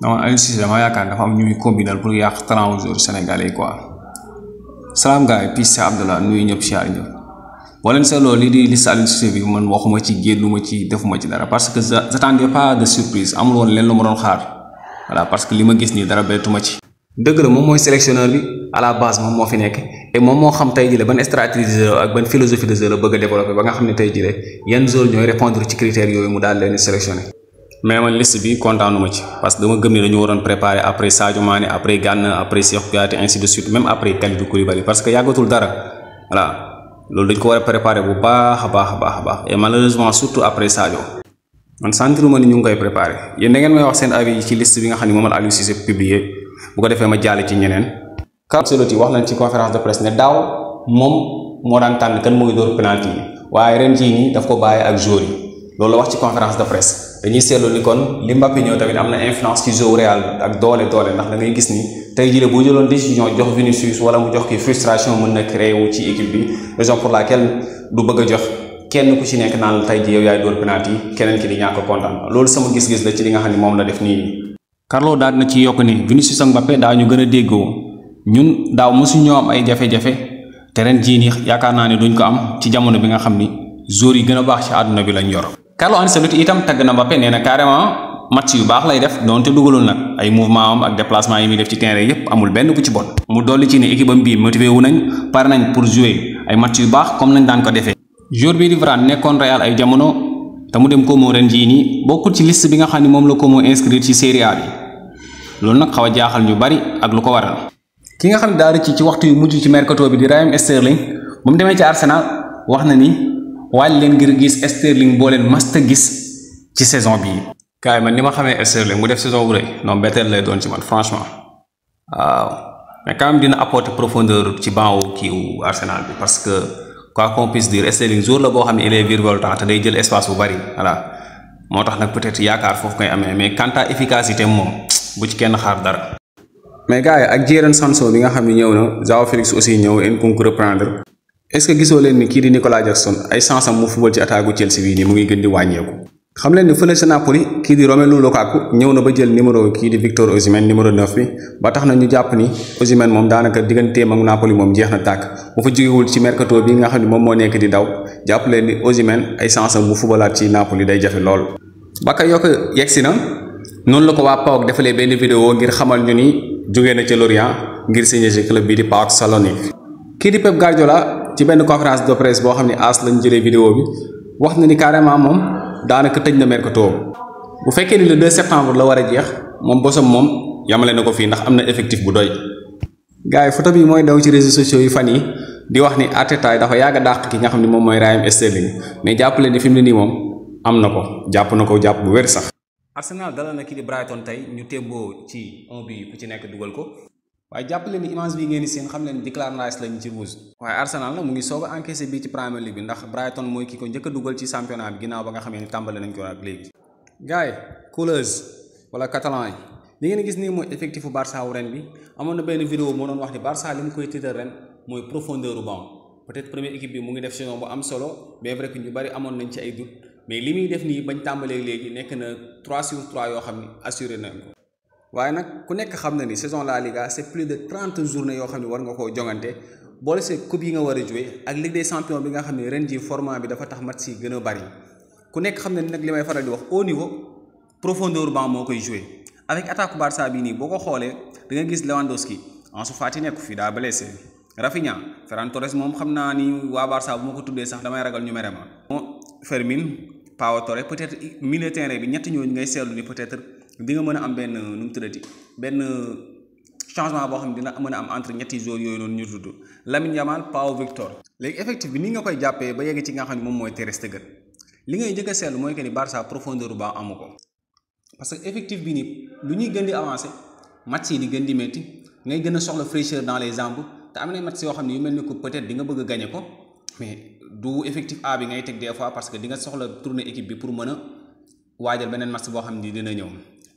dama Aliou Cissé dama yaakaar dafa am ñuy combinal pour yàq talent joueur sénégalais yi quoi salaam gars yi peace Abdallah nuyu ñëpp si àll boo leen seetloo lii di liste Aliou Cissé bi man waxuma ci génnuma ci defuma ci dara parce que j'attendais pas de surprise amul woon leen lu ma doon xaar voilà parce que li ma gis nii dara bettuma ci. dëgg la moom mooy sélectionneur bi à la base moom moo fi nekk moom moo xam tey jii la ban stratégie la ak ban philosophie de jeu a ne tey jii la yan joueurs ñooy répondre ci critères yooyu mu daal leen même liste bi kontaanuma ci parce que dama gëm ni dañu waron préparer après Sadio Mané après Gana après Cheikh Kouyaté ainsi de suite même après Kalidou Koulibaly parce que yàggatul dara voilà lolou dañ ko wara préparer bu baax baax baax baax et malheureusement surtout après Sadio man sentiruma ni ñu ngoy préparer yéen da ngeen may wax seen avis ci liste bi nga xamni ne moom la Aliou Cissé publié bu ko défé ma jall ci ñeneen Carlo Ancelotti wax nañ ci conférence de presse né daw mom mo daan tan kan moy door penalty waye waaye ren jii nii daf ko baye ak joueur yi loolu wax ci conférence de presse dañuy seetlu ni kon li Mbappé ñëw tamit am na influence ci ak doole doole ndax da ngay gis ni tey jii boo jëloon décision jox Vinicius wala mu jox ki frustration mën na créé wu ci équipe bi raison pour laquelle du bëgg a jox kenn ku ci nekk naan la tey jii yow yaay dóor penalty yi keneen ki di ñàkk kontaan loolu sama gis-gis la ci li nga xam ne moom la def nii nii. Carlo daal ci yokk ni Vinicius ak Mbappé daa ñu gën a déggoo ñun daaw mosu ñoo am ay jafe-jafe te ren jii nii yaakaar naa ne duñ ko am ci jamono bi nga xam ni joueurs yi gën a baax ci àdduna bi lañ yor. Carlo Ancelotti itam tagg na Mbappé nee na carrément match yu baax lay def donte dugalul nag ay mouvement am ak déplacement yi muy def ci terrain yépp amul benn bu ci bon mu dolli ci ne équipe am bii motivé wu nañ pare nañ pour jouer ay match yu baax comme nañ daan ko defee. jour bii di Varane nekkoon Real ay jamono te mu dem Como ren jii nii bokkul ci liste bi nga xam ne moom la moo inscrire ci Serie A bi loolu nag xaw a jaaxal ñu bari ak lu ko waral. ki nga xam ne daa rëcc ci waxtu yu mujj ci mercato bi di Raheem Sterling na ni. waaj leen ngir gis Sterling boo leen masta gis ci saison bi kaay man ni ma xamee Sterling mu def saison bu rëy non betteel lay doon ci man franchement waaw mais quand même dina apporter profondeur ci banc kii wu Arsenal bi parce que quoi qu'on puisse dire Sterling jour la boo xam ne il est virevoltant te day jël espace bu bari voilà moo tax nag peut-être yaakaar foofu ngay amee mais quant à efficacité moom bu ci kenn xaar dara. mais gars yi ak Jadon Sancho bi nga xam ne ñëw na João Félix aussi ñëw en ku reprendre. est-ce que gisoo leen ni kii di Nicolas Jackson ay chance am mu football ci attaque gu Chelsea bii nii mu ngi gën di wàññeeku. xam leen fële sa Napoli kii di Romelu Lukaku ñëw na ba jël numéro kii di Victor Osimhen numéro bi ba tax na ñu jàpp ni Osimhen moom daanaka digganteem ak Napoli moom jeex na tàkk bu fa jógewul ci mercato bi nga xam ne moom moo nekk di daw jàpp leen ni Osimhen ay chance am mu footballaat ci Napoli day jafe lool. Bakayoko yegsi na noonu la ko waa PAOK ngir xamal ñu na ca Lorient ngir signé ci club bi di PAOK Salonique kii di Pep Guardiola ci ben conférence de presse bo xamni as lañu jëlé vidéo bi wax na ni carrément moom daanaka tejj na mercato bu fekkee ni le 2 septembre la wara jeex mom, bossam mom yamalé nako fi ndax amna effectif bu doy gaay photo bi moy daw ci réseaux sociaux yi fani di wax ni Arteta dafa yàgg a dàq ki nga xamni mom moy mooy Raheem Sterling mais jàpp leen ni fi ni mom amna ko japp nako japp bu wër sax Arsenal dalana ki di Brighton tay, ñu tébo ci un bi ku ci nekk duggal ko waaye jàppale leen ni image bii ngeen di seen xam leen Declan Rice lañu ci rouge waaye Arsenal nag mu ngi soog a encaissé bii ci Premier League bi ndax Brighton mooy ki ko njëkk a dugal ci championnat bi ginnaaw ba nga xamee ni tàmbale nañ ko ak léegi gars yi couleurs wala catalan yi li ngeen gis ni mooy effectif bu Barça wu ren bi amoon na benn vidéo moo doon wax ni Barça li mu koy tiital ren mooy profondeur u banc peut-être première équipe bi mu ngi def saison bu am solo mais vrai bari amoon nañ ci ay doute mais li tàmbalee léegi nekk na 3 sur yoo xam ni assuré nañ waaye nag ku nekk xam na ni saison La Liga c' est plus de trente journées yoo xam ne war nga ko jongante boole see coupe yi nga war a joué ak Ligue des bi nga xam ne ren ji format bi dafa tax match yi gën a bari ku nekk xam na ni nag li may faral di wax au niveau profondeur banc moo koy joué avec attaque Barça bii nii boo ko xoolee da nga gis Lewandowski Ansu Fati nekk fii daa blessé Rafinha Ferran Torres moom xam naa ni waa Barça bu ma ko tuddee sax damay ragal ñu mere ma. Fermin Pau Torre peut-être milieu bi ñetti ñooñu ngay seetlu ni di nga mën am benn nu mu tuddati benn changement boo xam ne dina mën a am entre ñetti joueurs yooyu noonu ñu tudd Lamine Yamal Pau Victor. léegi effectif bi ni nga koy jàppee ba yegg ci nga xam ne moom mooy Ter Stegen li ngay njëkk a mooy que ni Barça profondeur ba amu ko parce que effective bi nii lu ñuy gën di avancé match yi di gën di métti ngay gën a soxla fraîcheur dans les jambes te am na match yoo xam ne yu mel ni ko peut-être di nga bëgg a ko mais du bi ngay teg des fois parce que di nga soxla tourner équipe bi pour mën a waajal beneen match boo xam ne dina ñëw.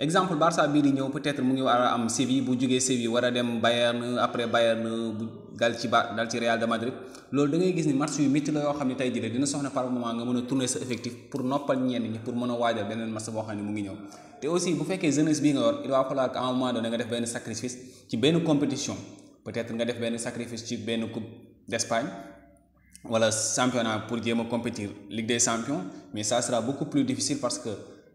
exemple Barça bii di ñëw peut-être mu ngi war a am Séville bu jógee Séville war a dem Bayern après Bayern bu dal ci ba dal ci Real de Madrid loolu da gis ni match yu métti la yoo xam ne tey jii dina soxla par moment nga mën a tourner sa effectif pour noppal ñenn ñi pour mën a waajal beneen match boo xam ne mu ngi ñëw te aussi bu fekkee jeunesse bii nga yor il va falloir que à un moment nga def benn sacrifice ci benn compétition peut-être nga def a compétir Ligue des champions mais ça sera que.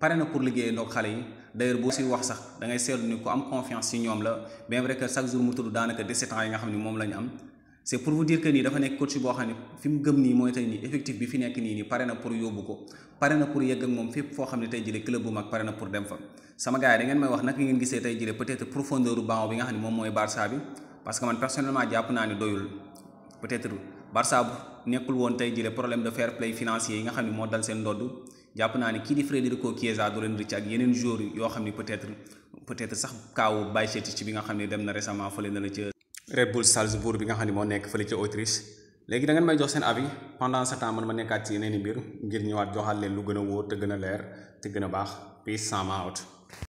paré na pour ndok xalé yi d'ailleurs bo ci wax sax da ngay sétlu ni ko am confiance ci ñom la bien vrai que chaque jour mu tuddu danaka 17 ans yi nga xamni mom lañ am c'est pour vous dire que ni dafa nek coach bo xamni fim gëm ni moy tay ni effectif bi fi nek ni ni paré na pour yobbu ko paré na pour yegg ak mom fep fo xamni tay jilé club bu mag paré na pour dem fa sama gaay da ngeen may wax nak ngeen gisee tay jilé peut être profondeur u banc bi nga xamni mom moy Barça bi parce que man personnellement japp na ni doyul peut être Barça bu nekul won tay jilé problème de fair play financier yi nga xamni mo dal sen ndodd jàpp naa ne kii di Federico Chiesa du leen rëcc ak yeneen joueurs yoo xam ne peut-être peut-être sax kaawu Bajcetic bi nga xam ne dem na resament fële na la ca Red Bull Salzbourg bi nga xam ne moo nekk fële ca Autriche léegi da ngeen may jox seen avis pendant ce temps man ma nekkaat ci yeneen i mbir ngir ñëwaat joxaat leen lu gën a wóor te gën a leer te gën a baax peace sament out